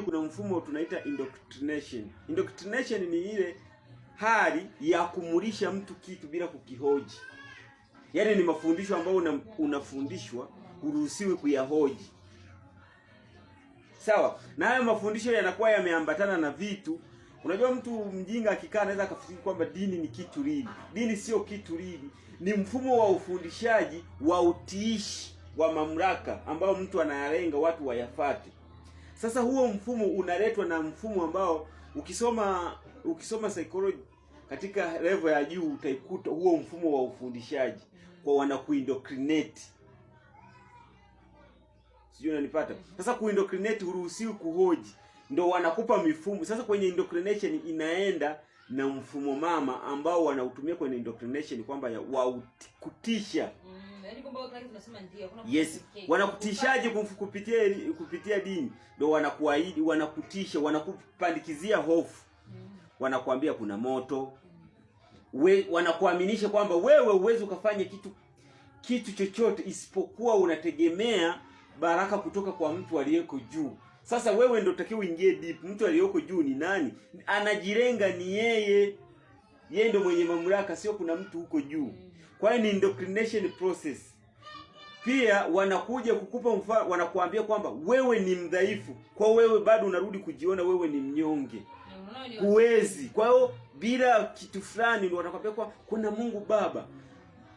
Lakini kuna mfumo tunaita indoctrination. Indoctrination ni ile hali ya kumulisha mtu kitu bila kukihoji. Yaani ni mafundisho ambayo una, unafundishwa huruhusiwi kuyahoji. Sawa? Na haya mafundisho yanakuwa yameambatana na vitu. Unajua mtu mjinga akikaa anaweza akafikiri kwamba dini ni kitu lili. Dini sio kitu lili. Ni mfumo wa ufundishaji wa utiishi wa mamlaka ambao mtu anayalenga watu wayafate. Sasa huo mfumo unaletwa na mfumo ambao ukisoma ukisoma psychology katika level ya juu utaikuta huo mfumo wa ufundishaji kwa wana kuindoctrinate. Sijui unanipata? Sasa kuindoctrinate huruhusiwi kuhoji, ndio wanakupa mifumo. Sasa kwenye indoctrination inaenda na mfumo mama ambao wanautumia kwenye indoctrination kwamba wa kutisha Yaani yes, wanakutishaje kupitia kupitia dini? Ndio wanakuahidi, wanakutisha, wanakupandikizia hofu, mm. wanakuambia kuna moto we, wanakuaminisha kwamba wewe uwezi ukafanya kitu kitu chochote isipokuwa unategemea baraka kutoka kwa mtu aliyeko juu. Sasa wewe ndio utakiwa uingie deep. Mtu aliyoko juu ni nani? Anajilenga ni yeye, yeye ndio mwenye mamlaka, sio kuna mtu huko juu. Mm kwa hiyo ni indoctrination process. Pia wanakuja kukupa mfano, wanakuambia kwamba wewe ni mdhaifu, kwa wewe bado unarudi kujiona wewe ni mnyonge, huwezi. Kwa hiyo bila kitu fulani ndio kwa kuna Mungu Baba.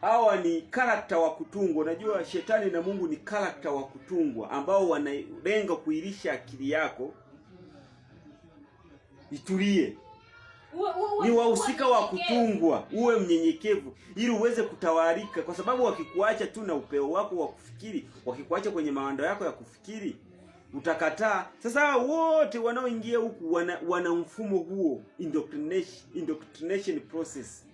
Hawa ni karakta wa kutungwa. Unajua, shetani na Mungu ni karakta wa kutungwa ambao wanalenga kuilisha akili yako itulie ni wahusika wa kutungwa. Uwe mnyenyekevu ili uweze kutawarika kwa sababu wakikuacha tu na upeo wako wa kufikiri, wakikuacha kwenye mawando yako ya kufikiri utakataa. Sasa wote wanaoingia huku wana, wana mfumo huo indoctrination, indoctrination process